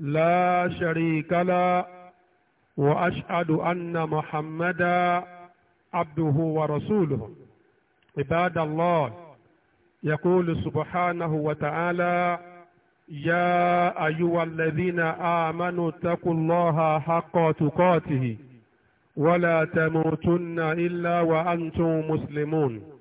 لا شريك له وأشهد أن محمدا عبده ورسوله عباد الله يقول سبحانه وتعالى يا أيها الذين آمنوا اتقوا الله حق تقاته ولا تموتن إلا وأنتم مسلمون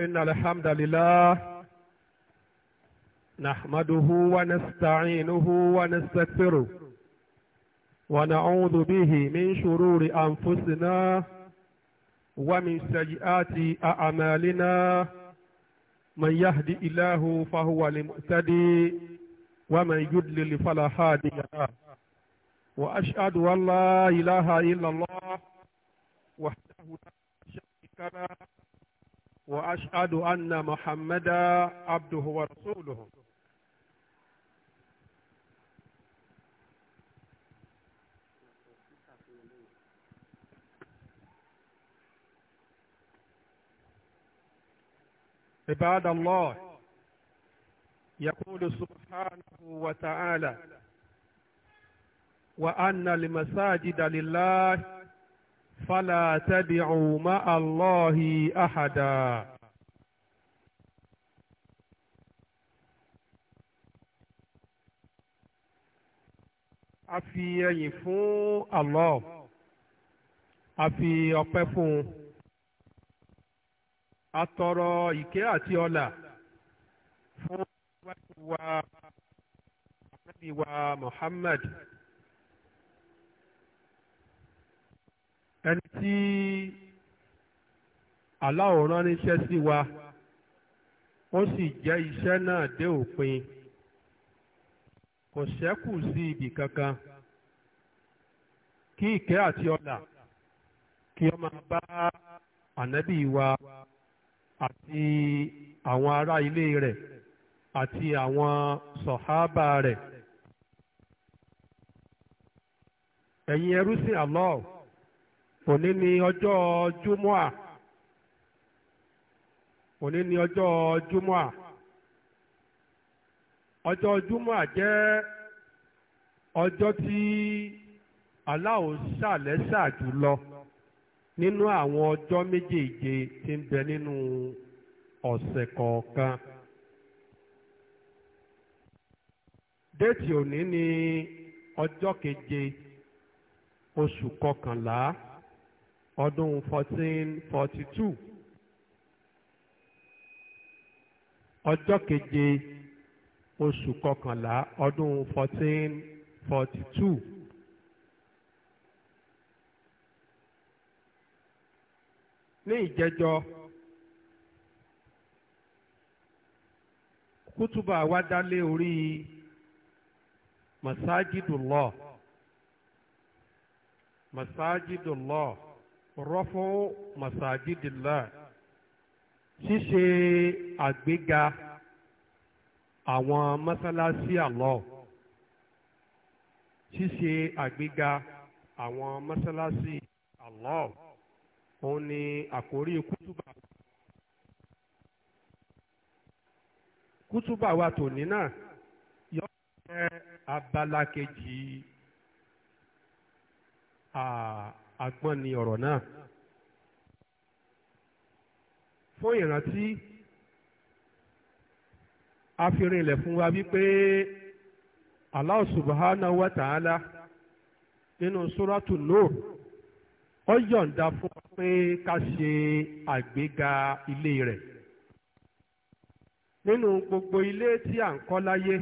إن الحمد لله نحمده ونستعينه ونستغفره ونعوذ به من شرور أنفسنا ومن سيئات أعمالنا من يهدي الله فهو المهتدي ومن يدلل فلا هادي له وأشهد أن لا إله إلا الله وحده لا شريك له وأشهد أن محمدا عبده ورسوله عباد الله يقول سبحانه وتعالى وأن المساجد لله فلا تدعوا مع الله أحدا a fi ẹyìn fún Allah a fi fún un a tọrọ àti ọlà fún wa wa Muhammad. ẹni tí aláwọ̀ rán níṣẹ́ sí wa ó sì jẹ́ iṣẹ́ náà dé òpin kò ṣẹ́kù sí ibì kankan kí ìkẹ́ àti ọlà kí ó máa bá ànábì wa àti àwọn ará ilé rẹ̀ àti àwọn sọ̀hábà rẹ̀ ẹ̀yin ẹrú sí Allah. òní ni ọjọ́ júmọ́à òní ni ọjọ́ júmọ́à ọjọ́ júmọ́à jẹ́ ọjọ́ tí Allah ṣàlẹ́sà jùlọ nínú àwọn ọjọ́ méjèèje tí ń bẹ nínú ọ̀sẹ̀ kọ̀ọ̀kan. déètì òní ni ọjọ́ keje oṣù kọkànlá ọdún 1442 ọjọ́ keje oṣù kọkànlá ọdún 1442 ní ìjẹjọ kútùbà wá dálé orí masajidullah masajidullah. rọ́fọ́ masajidillah ṣíṣe àgbéga àwọn mọ́sálásí Allah ṣíṣe àgbéga àwọn mọ́sálásí Allah òun ni àkórí kútùbà kútùbà wa tòní náà yọ jẹ́ abala kejì. Uh, Agbọn ni ọ̀rọ̀ náà fún ìrántí a fi rinlẹ̀ fún wa wípé Allah subhanahu wa nínú suratu Nur ó yọ̀ǹda fún wa pé ká ṣe àgbéga ilé rẹ̀ nínú gbogbo ilé tí à ń kọ́ láyé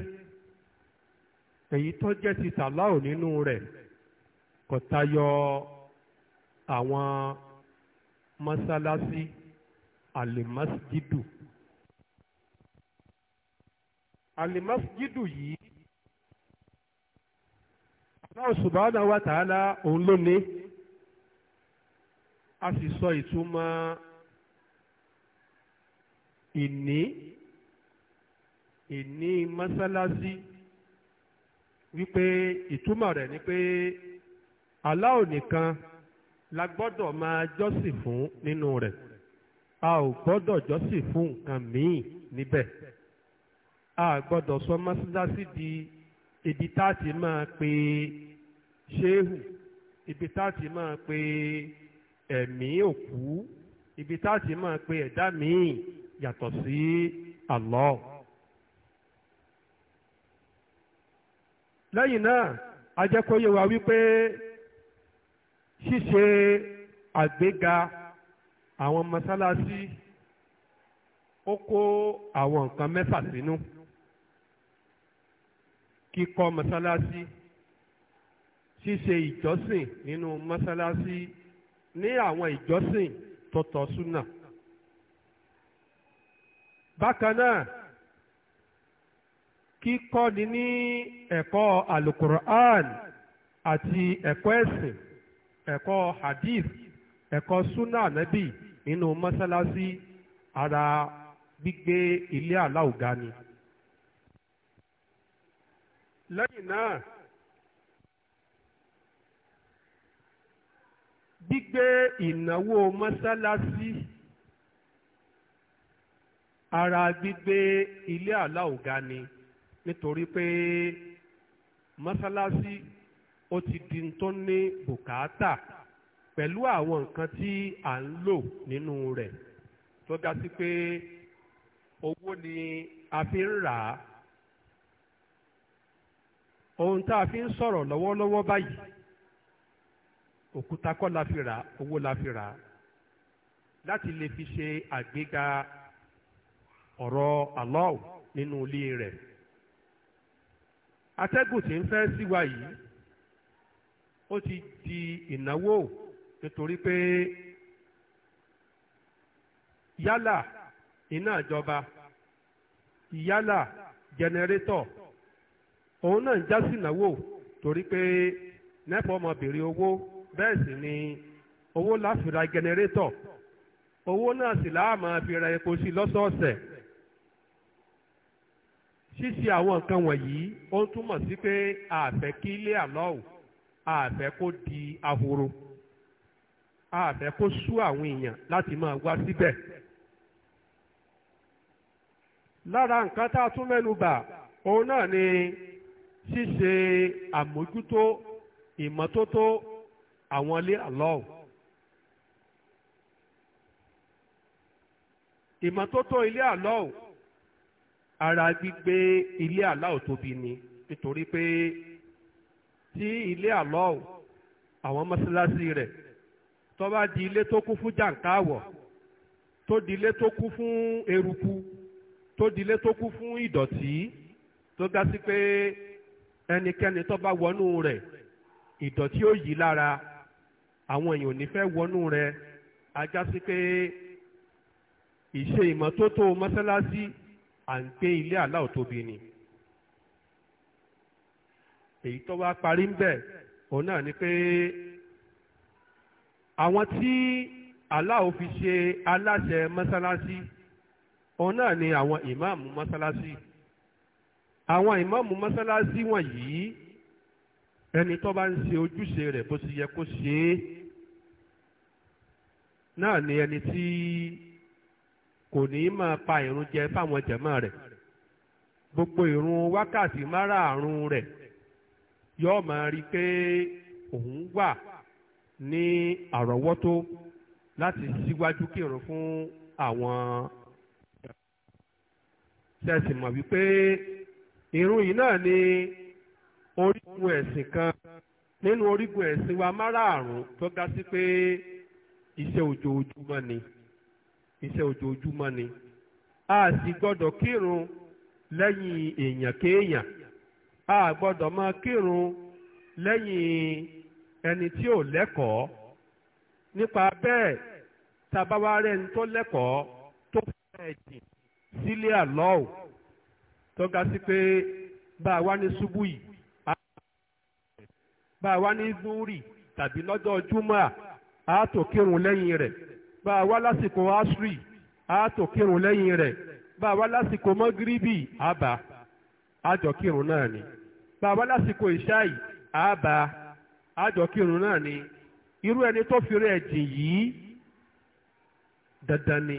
èyí tó jẹ́ ti tàláò nínú rẹ̀ kò tayọ àwọn mọ́sálásí alimasjidu alimasjidu yìí Allah subhanahu wa ta'ala òun ló ní a sì sọ ìtumọ̀ ìní ìní mọ́sálásí wípé ìtumọ̀ rẹ̀ ni pé Allah nìkan la gbọ́dọ̀ máa jọ́sìn fún nínú rẹ̀ a ò gbọ́dọ̀ jọ́sìn fún nǹkan míì níbẹ̀ a gbọ́dọ̀ sọ mọ́sálásí di ibi tá a ti máa pe ṣéhù ibi tá a ti máa pe ẹ̀mí òkú ibi tá a máa pe ẹ̀dá míì yàtọ̀ sí Allah. lẹ́yìn náà a jẹ́ kó yé wa wípé ṣíṣe àgbéga àwọn mọ́sálásí ó kó àwọn nǹkan mẹ́fà sínú kíkọ́ mọ́sálásí ṣíṣe ìjọsìn nínú mọ́sálásí ní àwọn ìjọsìn tó tọ́ súnà bákan náà kíkọ́ni ní ẹ̀kọ́ alukur'an àti ẹ̀kọ́ ẹ̀sìn ẹ̀kọ́ hadith ẹ̀kọ́ súnà ànábì nínú mọ́sálásí ara gbígbé ilé aláùgá ni. lẹ́yìn náà gbígbé ìnáwó mọ́sálásí ara gbígbé ilé aláùgá ni nítorí pé mọ́sálásí ó ti di tó ní bùkátà pẹ̀lú àwọn nǹkan tí à ń lò nínú rẹ̀ tó ga sí pé owó ni a fi ń rà á ohun tá a fi ń sọ̀rọ̀ lọ́wọ́lọ́wọ́ báyìí òkúta kọ́ la fi rà owó la fi rà láti lè fi ṣe àgbéga ọ̀rọ̀ Allah nínú ilé rẹ̀ atẹ́gùn tí ń fẹ́ sí wa yìí ó ti di ìnáwó nítorí pé yálà iná ìjọba yálà jẹnẹrétọ̀ òun náà ń já sí ìnáwó torí pé nẹ́pà ọmọ béèrè owó bẹ́ẹ̀ sì ni owó láfi ra jẹnẹrétọ̀ owó náà sì láà máa fi ra epo sí lọ́sọ̀ọ̀sẹ̀ ṣíṣe àwọn nǹkan wọ̀nyí ó ń túmọ̀ sí pé a fẹ́ kí ilé àlọ́ọ̀ àfẹ́ kó di ahoro àfẹ́ kó sú àwọn èèyàn láti máa wá síbẹ̀. lára nǹkan tá a tún mẹ́nu bà òun náà ni ṣíṣe àmójútó ìmọ́tótó àwọn ilé Allah. ìmọ́tótó ilé Allah ara gbígbé ilé Allah tóbi ni nítorí pé tí ilé àlọ́ọ̀ àwọn mọ́ṣáláṣí rẹ̀ tó bá di ilé tó kún fún jàǹkáwọ̀ tó di ilé tó kún fún eruku tó di ilé tó kún fún ìdọ̀tí tó ga sí pé ẹnikẹ́ni tó bá wọnú rẹ̀ ìdọ̀tí ó yí lára àwọn èèyàn ò ní fẹ́ wọnú rẹ̀ a sí pé ìṣe ìmọ́tótó mọ́ṣáláṣí à ń gbé ilé aláwọ̀ tóbi ni èyí tó wá parí ń bẹ̀ òun náà ni pé àwọn tí aláwo fi ṣe aláṣẹ mọ́sálásí òun náà ni àwọn ìmáàmù mọ́sálásí àwọn ìmáàmù mọ́sálásí wọ̀nyí ẹni tó bá ń ṣe ojúṣe rẹ̀ bó ti yẹ kó ṣe é náà ni ẹni tí kò ní máa pa ìrun jẹ fáwọn jẹ̀mọ́ rẹ̀ gbogbo ìrun wákàtí márààrún rẹ̀ yóò máa rí i pé òun wà ní àrọ́wọ́tó láti síwájú kírun fún àwọn ṣẹ̀sì mọ̀ wípé irun yìí náà ni orígun ẹ̀sìn kan nínú orígun ẹ̀sìn wa márààrún tó ga sí pé iṣẹ́ ojoojúmọ́ ni iṣẹ́ ojoojúmọ́ ni a sì gbọ́dọ̀ kírun lẹ́yìn èèyàn kéèyàn a gbọ́dọ̀ máa kírun lẹ́yìn ẹni tí ò lẹ́kọ̀ọ́ nípa bẹ́ẹ̀ tàbá rẹ̀ ń tó lẹ́kọ̀ọ́ tó fẹ́ jìn sílé àlọ́ọ̀ tó ga sí pé bá a wá ní ṣubú yìí bá a wá ní zúrì tàbí lọ́jọ́ júmọ́ a tó kírun lẹ́yìn rẹ̀ bá a wá lásìkò asri a tó kírun lẹ́yìn rẹ̀ bá a wá lásìkò àbá. àjọ náà ni bàbá lásìkò ìṣáì àbá àjọ náà ni irú ẹni tó fi jìn yìí dandan ni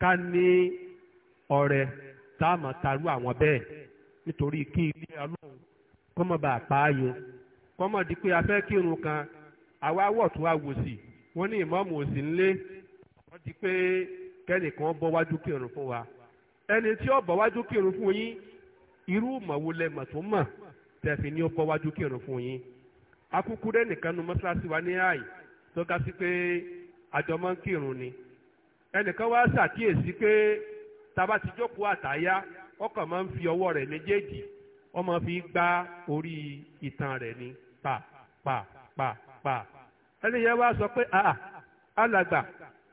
ká ní ọ̀rẹ́ tá a máa tarú àwọn bẹ́ẹ̀ nítorí kí ilé ọlọ́run kọ́ bá a pa á yun kọ́ di pé a kan àwa wọ̀ wọ́n ní ìmọ̀ọ́mù òsì ńlé wọ́n di pé kẹ́nìkan bọ́ wájú kírun fún wa ẹni tí irú màwo lẹ́mọ̀ tó mọ̀ tẹ̀fì ní ó kọ́ wájú kírun fún yín akúkú rẹ̀ nìkan nu mọ́ṣáláṣí wa ní àì tó ga sí pé àjọmọ́ ń kírun ni ẹnìkan wá ṣàkíyèsí pé tàbá ti jókòó àtàyá ọkàn máa ń fi ọwọ́ rẹ̀ méjèèjì ó fi gbá orí ìtàn rẹ̀ ni pa pa pa pa ẹni yẹn wá sọ pé àà alàgbà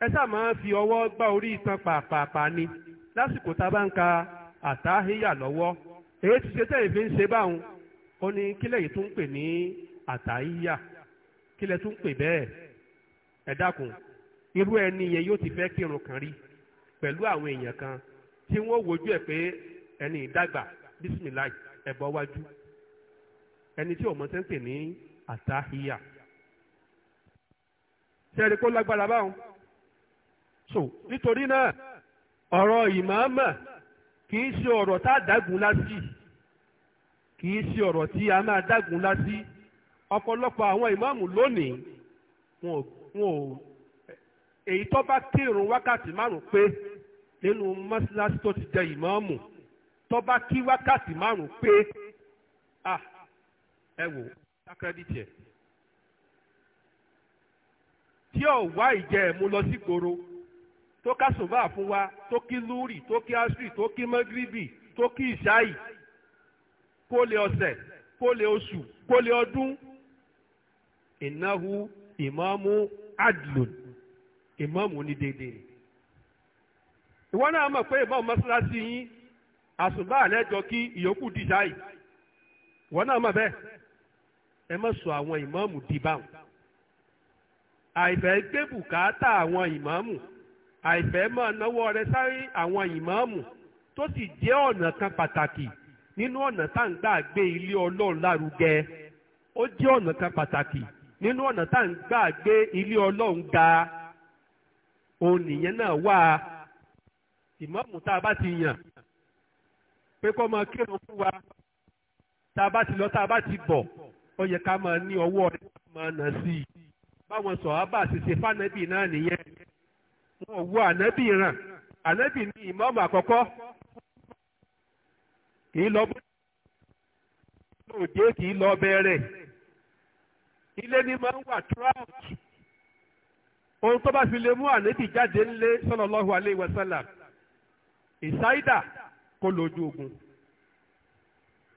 ẹ sáà máa fi ọwọ́ gbá orí ìtàn pàápàá ni lásìkò tá a bá ń ka àtàhíyà lọ́wọ́ èrò ti ṣe tẹ́lẹ̀ fi ń ṣe báwọn ó ní kílẹ̀ yìí tún ń pè ní àtàyíyà kílẹ̀ tún ń pè bẹ́ẹ̀ ẹ dákun irú ẹni yẹn yóò ti fẹ́ kírun kan rí pẹ̀lú àwọn èèyàn kan tí wọ́n wojú ẹ̀ pé ẹni ìdàgbà bísímìláì ẹ̀bọ wájú ẹni tí òmò ṣe ń pè ní àtàhíyà sẹ́ẹ̀rì kó lágbára báwọn so nítorí náà ọ̀rọ̀ ìmáàmà kì ṣe ọ̀rọ̀ tá a dágun lásì kì í ṣe ọ̀rọ̀ tí a máa dágun lásì ọ̀pọ̀lọpọ̀ àwọn ìmáàmù lónìí wọn ò èyí tó bá kírun wákàtí márùn pé nínú tó ti jẹ imamu tó bá kí wákàtí márùn pé ah ẹ wò sákẹ́dìtì ẹ̀ tí ò wá ìjẹ́ ẹ̀mú lọ sí gbòòrò. tó ká sùnbà fún wa tó kí lúrì tó kí asri tó kí mẹgírìbì tó kí ìṣáì kó lè ọ̀sẹ̀ kó lè oṣù kó lè ọdún ìnáhu ìmáàmù adlun ìmáàmù ní déédéé ìwọ náà mọ̀ pé ìmáàmù mọ́ṣáláṣí yín àsùnbà àlẹ́jọ kí ìyókù di ìṣáì ìwọ náà mọ̀ bẹ́ẹ̀ ẹ má sọ àwọn ìmáàmù di báwọn àìfẹ́ gbé bùkátà àwọn ìmáàmù àìfẹ́ máa náwó rẹ sáré àwọn ìmáàmù tó sì jẹ́ ọ̀nà kan pàtàkì nínú ọ̀nà tá à ń gbà gbé ilé ọlọ́run lárugẹ ó jẹ́ ọ̀nà kan pàtàkì nínú ọ̀nà tá à ń gbà gbé ilé ọlọ́run ga òun nìyẹn náà wà á ìmáàmù tá a bá ti yàn pé kó máa kírun fún wa tá a bá ti lọ tá a bá ti bọ̀ ó yẹ ká máa ní ọwọ́ rẹ̀ máa nà sí i báwọn bá fánẹ́bì náà nìyẹn wọn ò ràn ànábì ní àkọ́kọ́ kì í lọ bó òde kì í lọ bẹ̀rẹ̀ ilé máa ń wà trout ohun tó bá fi lè mú ànábì jáde ńlé sallallahu alaihi wasallam ìsáídà kó lójú ogun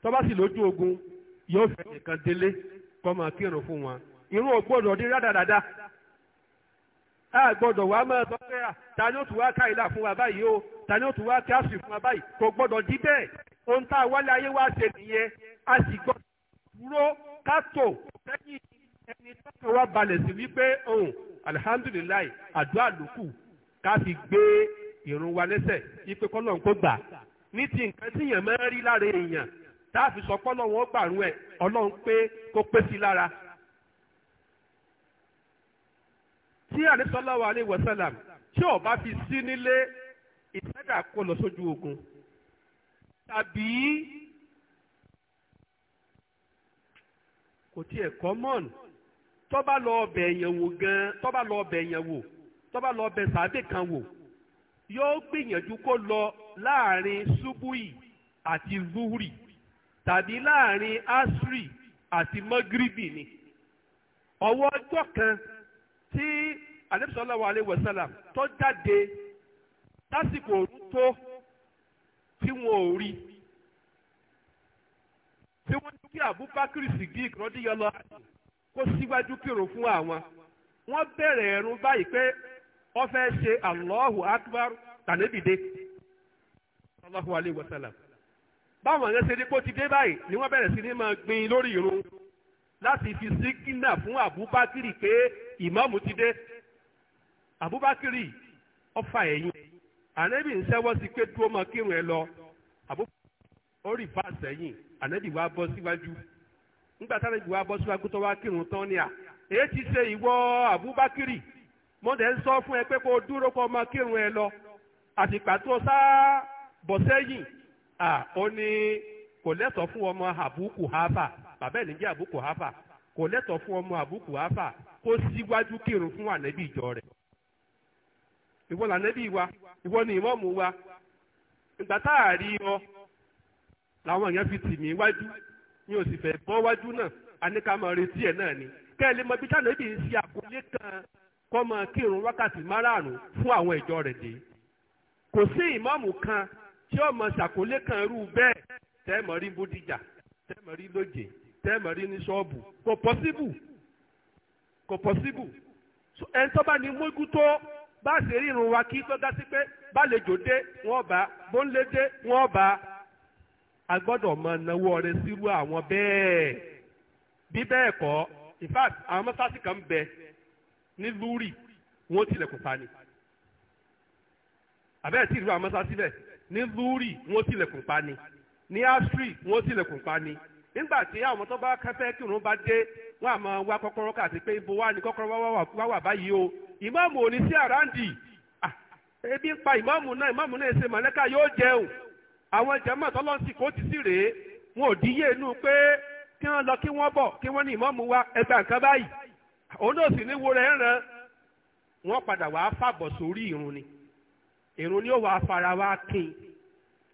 tó bá sì lójú ogun yóò fún wọn a gbọ́dọ̀ wá máa sọ pé à ta ni ó tún wá ká ìlà fún wa báyìí o ta ni ó tún wá ká sì fún wa báyìí kò gbọ́dọ̀ dí bẹ́ẹ̀ ohun tá a wálé ayé wá ṣe nìyẹn a sì gbọ́dọ̀ dúró ká tò sẹ́yìn ẹni tọ́kàn wá balẹ̀ sí wípé ohun alihamdulilayi àdúrà lókù ká fi gbé ìrun wa lẹ́sẹ̀ ipe kọ́lọ́n kó gbà ní ti nǹkan tí èèyàn máa rí lára èèyàn tá a fi sọ pé ọlọ́run ó gbàrún ẹ̀ ọlọ́run pé kó pé sí lára tí àdìsọ́láwà alẹ́ wẹ̀sẹ̀làm tí ó bá fi sí nílé ìtajà kó lọ sójú ogun tàbí kò tiẹ̀ kọ́mọ̀n tó bá lọ ọbẹ̀ èèyàn wò gan tó bá lọ ọbẹ̀ èèyàn wò tó bá lọ ọbẹ̀ sàádé kan wò yóò gbìyànjú kó lọ láàrin ṣubúì àti zuhuri tàbí láàrin asri àti mọ́gírìbì ni ọwọ́ ọjọ́ kan àlẹ́bísọ́lá wa alẹ́ tó jáde lásìkò òru tó tí wọn ò rí tí wọ́n ní kí Abubakar Sidik rọ́díyọlọ kó síwájú kírun fún àwọn wọ́n bẹ̀rẹ̀ ẹ̀rùn báyìí pé wọ́n fẹ́ ṣe Allahu Akbar tànébìdé sallallahu alayhi wa báwọn yẹn ṣe ní kó ti dé báyìí ni wọ́n bẹ̀rẹ̀ sí ní máa gbin lórí irun láti fi sígínà fún Abubakar pé ìmáàmù ti dé abubakiri ọfà ẹ̀yìn ànẹ́bì ń sẹ́wọ́ sí pé dúró mọ kírun ẹ lọ abubakiri ó rì fà sẹ́yìn ànẹ́bì wa bọ́ síwájú nígbà táwọn ìgbìwà bọ́ síwájú tó wá kírun tán ni à èyí ti ṣe ìwọ abubakiri mọ́tẹ́ ń fún ẹ pé kó o dúró kó o kírun ẹ lọ àtìpà tó sáá bọ̀ sẹ́yìn à ó ní kò lẹ́tọ̀ọ́ fún ọmọ àbúkù hafa bàbá ẹ̀ níjẹ́ àbúkù hafa kò lẹ́tọ̀ọ́ fún ọmọ àbúkù hafa kó síwájú kírun fún ànẹ́bì ìjọ rẹ̀. ìwọ lànẹ́bí wa ìwọ ni ìmọ̀ọ́mù wa ìgbà tá a rí ọ làwọn èèyàn fi tì mí wájú mi ò sì fẹ́ bọ́ wájú náà àníkàmọ́ retí ẹ̀ náà ni kẹ́lẹ́ mọ bí tànẹ́bí ń ṣe àkọlé kan kọ́ mọ kírun wákàtí márààrún fún àwọn ìjọ rẹ̀ dé kò sí ìmọ̀ọ́mù kan tí ó mọ ṣàkólé kan irú bẹ́ẹ̀ tẹ́ẹ̀mọ̀ rí bódìjà tẹ́ẹ̀mọ̀ rí lóje tẹ́ẹ̀mọ̀ rí ní ṣọ́ọ̀bù kò pọ́síbù kò pọ́síbù ẹni tó bá ní mójútó bá a ṣe rí irun wa kí tọ́gá sí pé bálejò dé wọ́n bá bóńlé dé wọ́n bá a gbọ́dọ̀ mọ náwó ọrẹ sírú àwọn bẹ́ẹ̀ bí bẹ́ẹ̀ kọ́ in fact àwọn mọ́sáàsì kan bẹ ní lúrì wọ́n tilẹ̀kùn pa ni àbẹ́ẹ̀ tí ìlú àwọn mọ́sáàsì bẹ̀ ní lúrì wọ́n tilẹ̀kùn pa ni ní áṣírì wọ́n tilẹ̀kùn pa ni nígbà tí àwọn tó bá kẹfẹ́ kírun bá dé wọ́n á máa wá kọ́kọ́rọ́ káàtì pé ibo wa ni kọ́kọ́rọ́ wá wà báyìí o ìmáàmù ò ní sí àráǹdì ah, ebi ń pa ìmáàmù náà ìmáàmù náà ṣe màlẹ́kà yóò jẹun àwọn jàmáà kò ti sí rèé wọn ò díyè inú pé kí wọ́n lọ kí wọ́n bọ̀ kí wọ́n ní ìmáàmù wa ẹgbẹ́ nǹkan báyìí òun náà sì ní wo rẹ̀ wọ́n padà wàá fara kín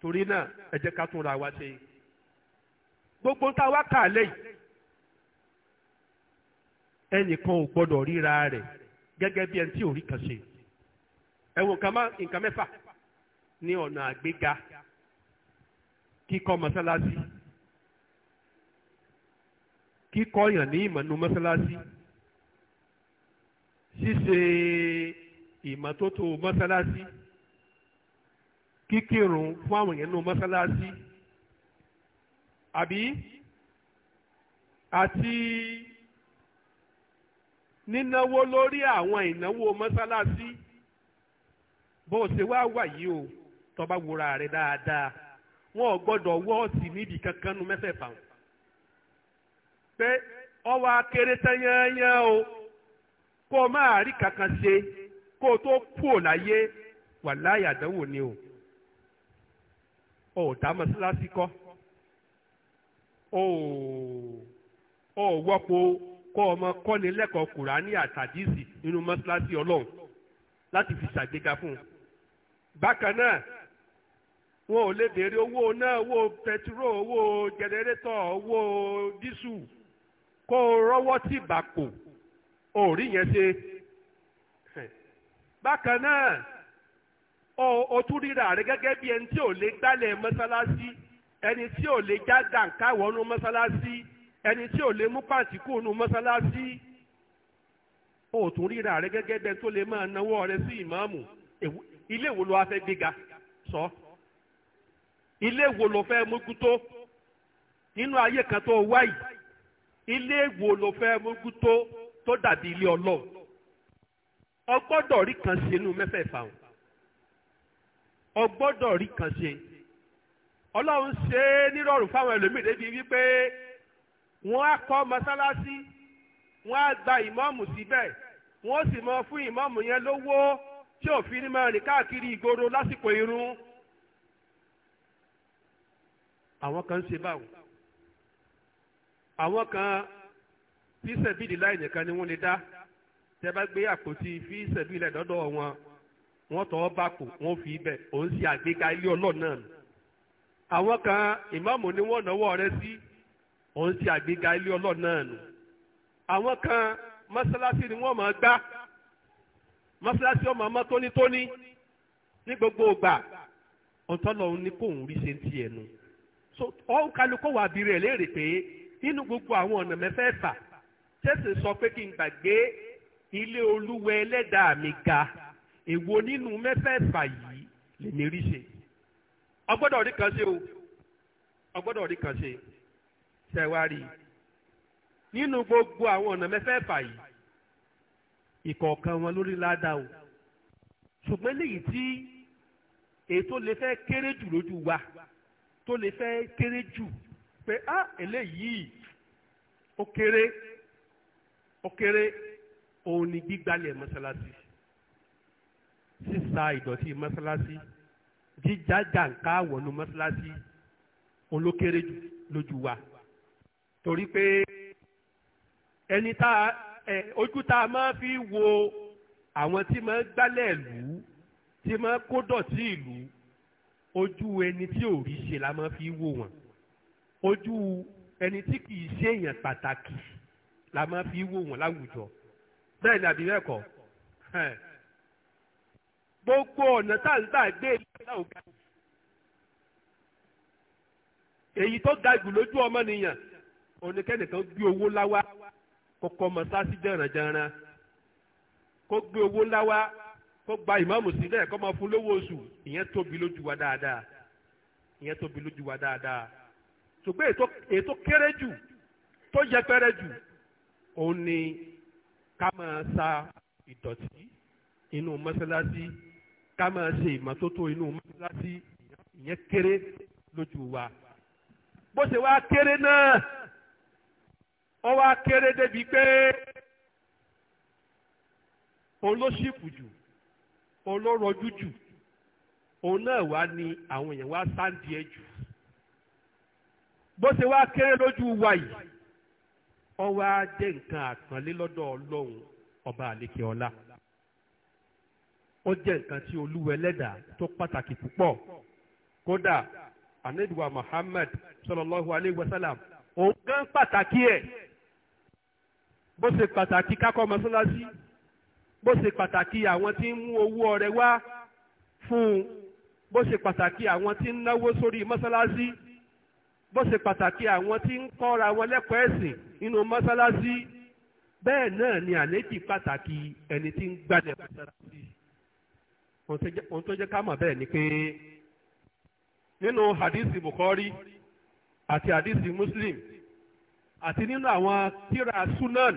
torí náà ẹ jẹ́ ká tún ra wa ṣe gbogbo ń ta wá kà lẹ́yìn ẹnìkan ò gẹ́gẹ́ bí ẹni tí ò rí kan ṣe ẹ̀wọ̀n kan máa nǹkan mẹ́fà ní ọ̀nà àgbéga kíkọ́ mọ́sálásí kíkọ́ yàn ní ìmọ̀nù mọ́sálásí ṣíṣe ìmọ̀tótó mọ́sálásí kíkírun fún àwọn èèyàn nù mọ́sálásí àbí àti. nínáwó lórí àwọn ìnáwó mọ́sálásí bó o ṣe wà yìí o tọba bá rẹ dáadáa wọn ò níbi kankan nu pé ọwọ́ akéré tán o kó o máa rí kankan ṣe kó o tó kú ò láyé àdánwò ni o ò dá o ò wọ́pọ̀ kọ́ ọmọ kọ́ni lẹ́kọ̀ọ́ kùránì àtàdísì nínú mọ́ṣáláṣí ọlọ́run láti fi ṣàgbéga fún un. bákan náà wọn ò lè béèrè owó náà owó pẹtiró owó jẹnẹrétọ̀ owó dísù kó o rọ́wọ́ tì bàkò òrí yẹn ṣe. bákan náà o tún ríra rẹ gẹ́gẹ́ bí ẹni tí ò lè gbálẹ̀ mọ́ṣáláṣí ẹni tí ò lè já dànkáwọ́nú mọ́ṣáláṣí ẹni tí ò lè mú pàǹtí kúrò nù mọ́sálásí ó tún ríra rẹ gẹ́gẹ́ bẹ́ẹ̀ tó lè máa náwó rẹ sí ìmáàmù ilé wo ló wá fẹ́ gbéga sọ ilé wo ló fẹ́ mójútó nínú ayé kan tó wá yìí ilé wo ló fẹ́ mójútó tó dàbí ilé ọlọ́run o gbọ́dọ̀ rí kan ṣe nínú mẹ́fẹ̀ẹ̀fà o o gbọ́dọ̀ rí kan ṣe ọlọ́run ṣe é nírọ̀rùn fáwọn ẹlòmíì débi wípé wọ́n á kọ́ mọ́sálásí wọ́n á gba ìmọ̀ọ̀mù síbẹ̀ wọ́n sì mọ fún ìmọ̀ọ̀mù yẹn lówó tí òfin ní máa rìn káàkiri ìgboro lásìkò irun. àwọn kan ń ṣe báwo àwọn kan tí sẹ̀bìlì láì nìkan ni wọ́n lè dá tẹ́ bá gbé àpótí fí sẹ̀bìlì lọ́dọ̀ wọn wọ́n tọ́ bá kù wọ́n fi ibẹ̀ òun ṣe àgbéga ilé ọlọ́ọ̀ náà àwọn kan ìmọ̀ọ̀mù ni wọ́n náwó rẹ sí. Si òun ti àgbéga ilé ọlọ́run náà nù àwọn kan mọ́sálásí ni wọ́n máa gbá mọ́sálásí ọmọ ọmọ tónítóní ní gbogbo ìgbà ọ̀tọ́lọ́run ní kóun rí ṣe ń tiẹ̀ nù so ọ̀hún kálukó wà bí rẹ̀ léèrè pé nínú gbogbo àwọn ọ̀nà mẹ́fẹ̀ẹ̀fà tẹ̀sí sọ pé kí n gbàgbé ilé olúwa ẹlẹ́dàá mi ga èwo nínú mẹ́fẹ̀ẹ̀fà yìí lèmi rí ṣe ọgbọ́dọ̀ rí kan ṣe o ọgbọ́dọ̀ rí kan ṣe ṣẹ̀wárì nínú gbogbo àwọn ọ̀nà mẹ́fẹ̀ẹ̀fà yìí ìkọ̀ọ̀kan wọn lórí ládàá o ṣùgbọ́n léyìí tí ètò lè fẹ́ kéré jù lójú wa tó lè fẹ́ kéré jù pé á eléyìí ó kéré ó kéré òun ni gbígbálẹ̀ mọ́sálásí sísa ìdọ̀tí mọ́sálásí jíjájà nǹka wọ̀nú mọ́sálásí olókéré jù lójú wa torí pé ẹni tá ẹ ojú tá a máa fi wo àwọn tí máa gbálẹ̀ ìlú tí máa kó dọ̀tí ìlú ojú ẹni tí ò rí ṣe la máa fi wò wọ́n ojú ẹni tí kì ṣe èèyàn pàtàkì la máa fi wò wọ́n láwùjọ bẹ́ẹ̀ ni àbí bẹ́ẹ̀ kọ́ gbogbo ọ̀nà tá à ń gbà gbé ìlú ọ̀gá èyí tó ga jù lójú ọmọnìyàn oníkẹ́nìkan gbé owó láwá kọ́kọ́ mọ́sáàsì jẹ̀rànjẹ̀ràn kó gbé owó láwá kó gba ìmáàmù sílẹ̀ kó máa fún lówó oṣù ìyẹn tóbi lójú wa dáadáa ìyẹn tóbi lójú wa dáadáa ṣùgbọ́n èyí tó kéré jù tó yẹpẹrẹ jù òun ni ká máa sa ìdọ̀tí inú mọ́sálásí ká máa ṣe ìmọ́tótó inú mọ́sálásí ìyẹn kéré lójú wa bó ṣe wá kéré náà ó wá kéré débi pé òun ló ṣìpù jù òun ló rọjú jù òun náà wá ní àwọn èèyàn wá sáǹdì ẹ jù bó ṣe wá kéré lójú wa yìí ó wá jẹ́ nǹkan àpọ́nlé lọ́dọ̀ ọlọ́run ọba àlekè ọlá ó jẹ́ nǹkan tí olúwa tó pàtàkì púpọ̀ kódà anabiwa muhammad sallallahu alayhi wa sallam òun gan pàtàkì ẹ̀ bó ṣe pàtàkì kákọ́ mọ́ṣáláṣí bó ṣe pàtàkì àwọn tí ń mú owó ọrẹ wá fún un bó ṣe pàtàkì àwọn tí ń náwó sórí mọ́ṣáláṣí bó ṣe pàtàkì àwọn tí ń kọ́ra wọn lẹ́kọ̀ọ́ ẹ̀sìn nínú mọ́ṣáláṣí bẹ́ẹ̀ náà ni àléjì pàtàkì ẹni tí ń gbàdẹ̀ mọ́ṣáláṣí ohun tó jẹ́ ká mọ̀ bẹ́ẹ̀ ni pé nínú hadisi Bukhari àti hadisi Muslim àti nínú àwọn tíra sunan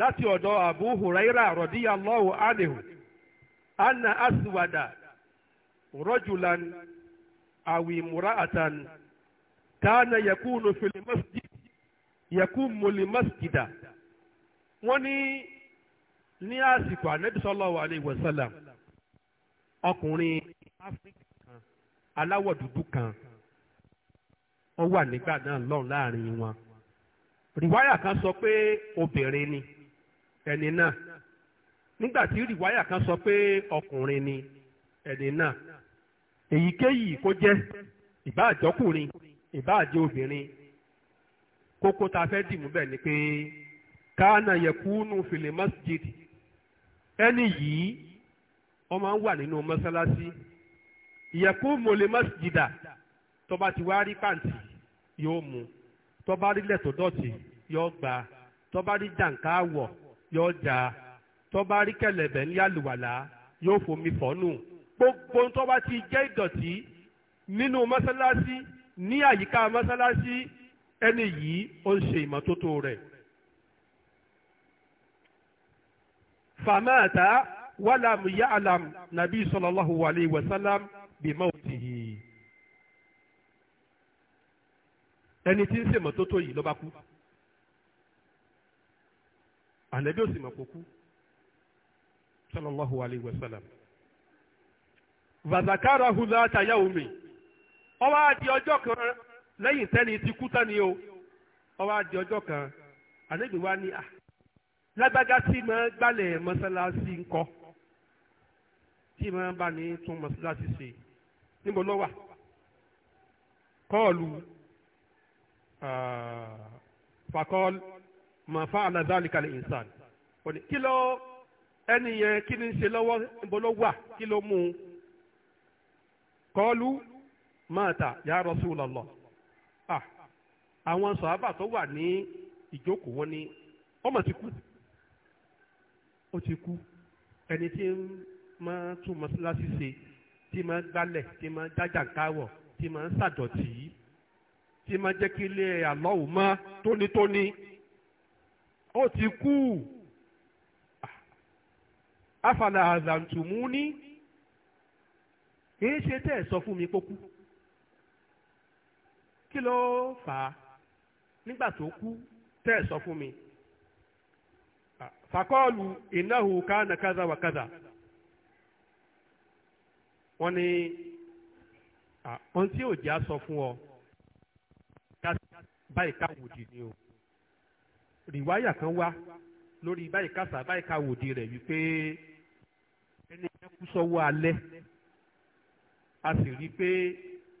láti ọ̀dọ̀ abu huraira radiyallahu anhu ana aswada rajulan awi mura'atan kana yakunu fil masjid yakumu li masjida wọ́n ní ní àsìkò ànábì sallallahu alayhi wa sallam ọkùnrin áfíríkà kan aláwọ̀ dúdú kan ó wà nígbà náà rìwáyà kan sọ pé obìnrin ni ẹni náà nígbà tí rìwáyà kan sọ pé ọkùnrin ni ẹni náà èyíkéyìí kó jẹ́ ìbá àjọkùnrin ìbá àjẹ obìnrin kókó tá a fẹ́ dìmú bẹ́ẹ̀ ni pé káànà yẹkúnú fìlè masjid ẹni yìí wọ́n máa ń wà nínú mọ́sálásí ìyẹ̀kú mọ̀lẹ́ masjida ti wá rí pàǹtì yóò mú un. tó bá rí lẹ̀tọ̀ dọ̀tí yóò gbà tó bá rí jàǹká àwọ̀ yóò jà tó rí kẹ̀lẹ̀bẹ̀ ní àlùwàlá yóò fomi fọ́nù gbogbo tó ti jẹ́ ìdọ̀tí nínú mọ́sálásí ní àyíká mọ́sálásí ẹni yìí ó ń ṣe ìmọ́tótó rẹ̀. fàmáàtà wàlámù ya'lam nàbí sallallahu alayhi wa sallam bí yìí. ẹni tí ń ṣèmọ́tótó yìí ló bá kú ànábì ò sì mọ̀ kó kú sallallahu alayhi wa sallam vazakara hula taya omi ó wá di ọjọ́ kan lẹ́yìn tẹ́ni ti kú tán ni o ó wá di ọjọ́ kan ànábì wa ni lágbága tí mo gbálẹ̀ mọ́sálásí ńkọ́ tí mo bá ní tún mọ́sálásí ṣe níbo ló kọ́ọ̀lù. Fakol ma fa àlàzálìkà lè ìsàn òní kí ló ẹni yẹn kí ni ń ṣe lọ́wọ́ níbo kí mú ya Rasulullah ah àwọn sọ̀hábà tó wà ní ìjókòó wọn ni ma ti kú o ti kú ẹni tí ma tún mọ́sálásí tí máa jẹ́ kí ilé àlọ́hù mọ́ tónítóní ó ti kú afala azantumuni kì í ṣe tẹ́ ẹ̀ sọ fún mi pókú kí ló fà á nígbà tó kú tẹ́ ẹ̀ sọ fún mi fàkọ́ọ̀lù ìnáhù kánà kaza wà kaza wọ́n ní ohun tí ò já sọ fún ọ báyìí káwòdì ni o rìwáyà kan wá lórí báyìí kásá báyìí káwòdì rẹ̀ wípé ẹni yẹn kú sọ́wọ́ alẹ́ a sì rí i pé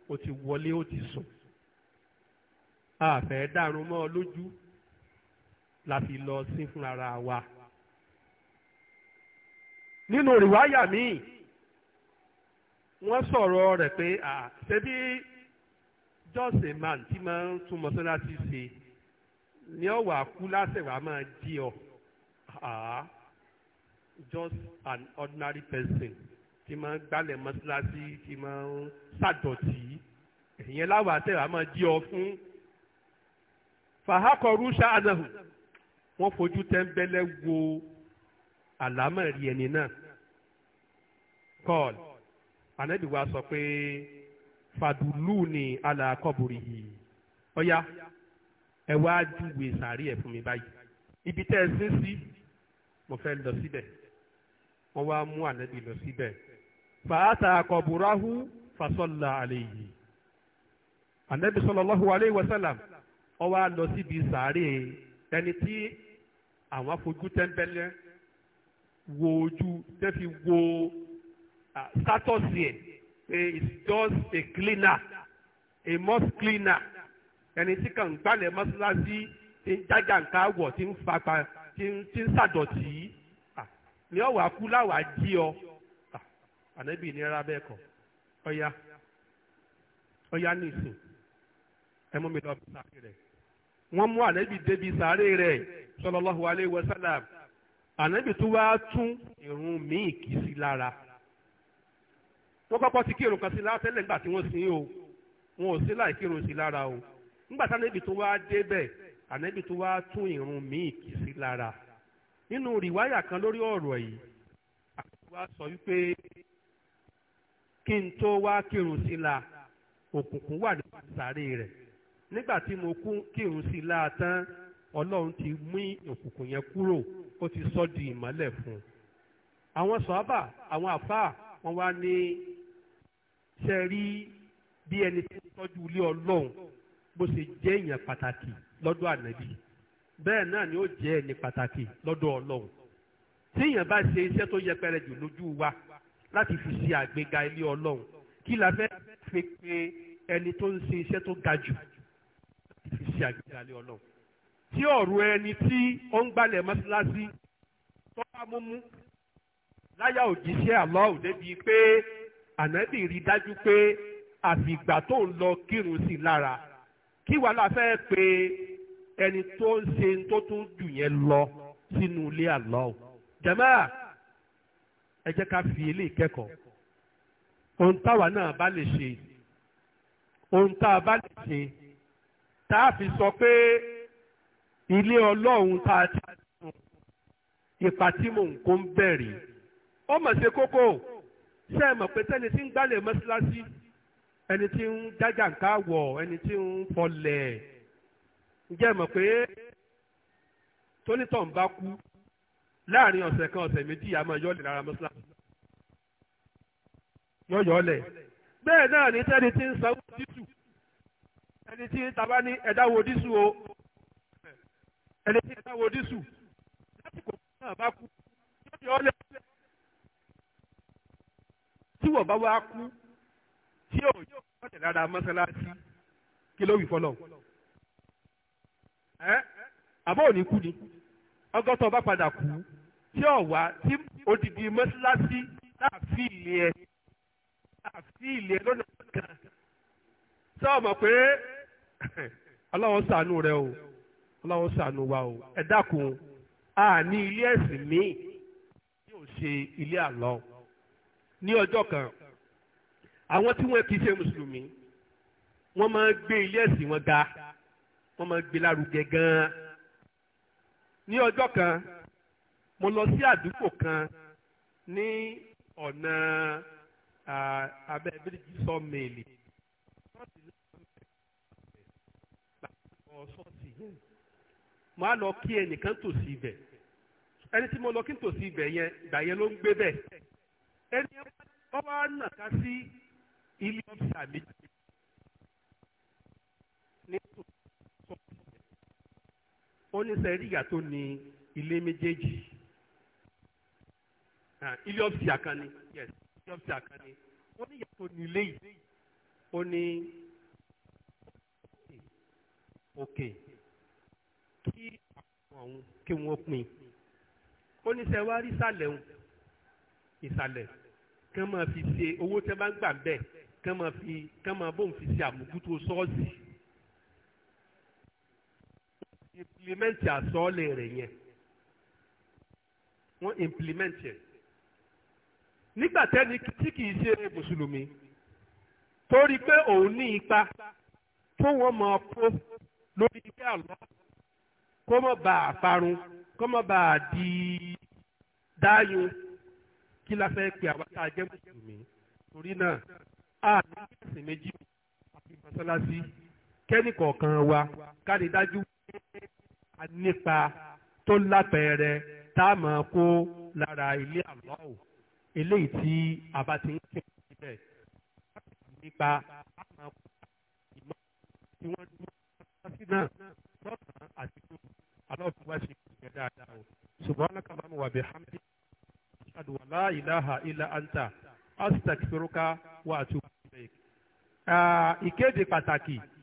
o ti wọlé o ti sùn a fẹ́ dàrú mọ́ ọ lójú la fi lọ sí fúnra wa nínú rìwáyà míì wọ́n sọ̀rọ̀ rẹ̀ pé ṣé bí just a man tí máa ń tún mọ́sálásí ṣe ni ọ wà kú lásẹ̀wà máa jí ọ just an ordinary person tí máa ń gbálẹ̀ mọ́sálásí tí máa ń ṣàdọ̀tí ìyẹn láwọ̀ àtẹ̀wà máa jí ọ fún fàhákọ̀rú ṣáàdàhùn wọ́n fojú tẹ́ńbẹ́lẹ́ wo àlámọ̀rí ẹni náà kọ́ọ̀lù ànábì sọ pé. fàdùlùní alàkọ́bùrì yìí ọ̀yá ẹ wá júwe sàárì ẹ̀ fún mi báyìí ibi tẹ́ ẹ sin sí mo fẹ́ lọ síbẹ̀ wọ́n wá mú ànábì lọ síbẹ̀ fàátà àkọ́bùráhù fasọ́là àlẹ́ yìí ànábì sallallahu alayhi wa sallam ó wá lọ síbi sàárì ẹni tí àwọn afojú tẹ́ńbẹ́lẹ́ wo ojú tẹ́ fi wo sátọ́sì ẹ̀. is just a cleaner a mosque cleaner ẹni tí kàn gbalẹ̀ mọ́ṣáláṣí ti ń jájà nǹkan àwọ̀ ti ń fapá ti ń ti ń ni ọ̀wà kú láwàá ọ ànábì ní bẹ́ẹ̀ kọ́ ọ̀ya ọ̀ya ní ìsìn ẹ mú mi lọ bí sáré wọ́n mú ànábì débi sáré rẹ̀ ànábì tó wá tún míì kì í sí lára. wọ́n kọ́kọ́ ti kírun kan sí lára tẹ́lẹ̀ nígbà tí wọ́n sin o wọn ò sí láì kírun sí lára o nígbà tí ànábì tó wá débẹ̀ ànábì tó wá tún ìrun míì kì sí lára nínú rìwáyà kan lórí ọ̀rọ̀ yìí àti wá sọ wípé kí n tó wá kírun sí la òkùnkùn wà nípa sàárè rẹ̀ nígbà tí mo kú kírun sí la tán ọlọ́run ti mú òkùnkùn yẹn kúrò ó ti sọ di ìmọ́lẹ̀ fún un àwọn sọ́ọ́bà àwọn àfáà wọ́n wá ní ṣe rí bí ẹni tí ń tọ́jú ilé ọlọ́run bó ṣe jẹ́ èèyàn pàtàkì lọ́dọ̀ ànábì bẹ́ẹ̀ náà ni ó jẹ́ ẹni pàtàkì lọ́dọ̀ ọlọ́run tí èèyàn bá ṣe iṣẹ́ tó yẹpẹrẹ jù lójú wa láti fi ṣe àgbéga ilé ọlọ́run kí la fẹ́ fi pe ẹni tó ń ṣe iṣẹ́ tó ga jù láti fi ṣe àgbéga ilé ọlọ́run tí ọ̀rọ̀ ẹni tí ó ń gbalẹ̀ mọ́ṣáláṣí tó bá mú mú láyà òjíṣẹ́ àlọ́ òde pé ànábì rí dájú pé àfìgbà tó ń lọ kírun sí lára kí wàhálà fẹ́ pé ẹni tó ń ṣe tó tún jù yẹn lọ sínú ilé àlọ́ jàmáà ẹ jẹ́ ká fi ilé ìkẹ́kọ̀ọ́ ohun táwa náà bá lè ṣe ohun tá a bá lè ṣe tá a fi sọ pé ilé ọlọ́run tá a ti ipa tí mò ń kó ń bẹ̀rẹ̀ ó mà ṣe kókó ṣé ẹ mọ̀ pé tẹ́ni tí ń gbálẹ̀ mọ́ṣáláṣí ẹni tí ń jájà ká wọ̀ ẹni tí ń fọlẹ̀ ǹjẹ́ ẹ mọ̀ pé tónítọ̀ ń bá kú láàrin ọ̀sẹ̀ kan ọ̀sẹ̀ méjì àmọ́ yọ̀ọ̀lẹ̀ lára mọ́ṣáláṣí yọ̀ọ̀lẹ̀ bẹ́ẹ̀ náà ni tẹ́ni tí ń sanwó dísù ẹni tí taba ní ẹ̀dáwó dísù o ẹni tí ẹ̀dáwó dísù lásìkò náà bá kú yọ̀ọ̀lẹ̀ tí wọ́n bá wá kú tí ò yóò kọ́tẹ̀ lára mọ́sálásí kí ló wí fọlọ́ ẹ́ àbọ̀ òní kú ni ọgọ́tọ̀ bá padà kú tí ò wá tí odidi mọ́sálásí láàfin ilé ẹ̀ láàfin ilé ẹ̀ lọ́nà kan sọ ọmọ pé ọlọ́wọ́ ṣàánú rẹ o ọlọ́wọ́ ṣàánú wa o ẹ dákun a ní ilé ẹ̀sìn míì yóò ṣe ilé àlọ́ ní ọjọ́ kan àwọn tí wọ́n kì í ṣe mùsùlùmí wọ́n máa ń gbé ilé ẹ̀sìn wọn ga wọ́n máa ń gbé lárugẹ gan-an. ní ọjọ́ kan mo lọ sí àdúgbò kan ní ọ̀nà abẹ́ bíríjì sọ́ọ̀mẹ́lì mo á lọ kí ẹnìkan tòsí ibẹ̀ ẹni tí mo lọ kí n tòsí ibẹ̀ yẹn ìgbà yẹn ló ń gbé bẹ́ẹ̀ ẹni ọ wá nàka sí ilé ọ́fíìsà méjì ní ó ní sẹ́ríyà tó ní ilé méjèèjì ilé ọ́fíìsà kan ni yes ilé ọ́fíìsà kan ni ó ní ìyá tó ní ilé yìí ó ní òkè kí àwọn kí wọ́n pín ó ní sẹ́wárí sálẹ̀ wọn ìsàlẹ̀ kán máa fi ṣe owó tẹ́ bá ń gbà bẹ́ẹ̀ kán máa fi kán máa bóun fi ṣe àmójútó ṣọ́ọ̀ṣì implimenti àsọ́ọ̀lẹ̀ rẹ̀ yẹn wọ́n implimenti ẹ̀ nígbà tẹ́ni tí kìí ṣe mùsùlùmí torí pé òun ní ipa tó wọ́n mọ kó lórí ilé àlọ́ kó mọ̀ bá a parun kó mọ̀ bá a di dáyun kí la fẹ́ pe àwa tá a jẹ́ mùsùlùmí torí náà a ní ẹ̀sìn méjì àti mọ́sálásí kẹ́nì kọ̀ọ̀kan wa ká lè dájú a nípa tó lápẹẹrẹ tá a máa kó lára ilé àlọ́ ò eléyìí tí a bá ti ń kí wọn síbẹ̀ nípa a máa kó ìmọ̀ tí wọ́n dúró mọ́sálásí náà lọ́sàn-án àti tó àlọ́ òfin wá ṣe ìgbẹ́ dáadáa o ṣùgbọ́n alákàbámu wà bẹ́ẹ̀ hàmdí ashhadu wa la ilaha illa anta astaghfiruka wa atubu ilayk. Ah, ìkéde pàtàkì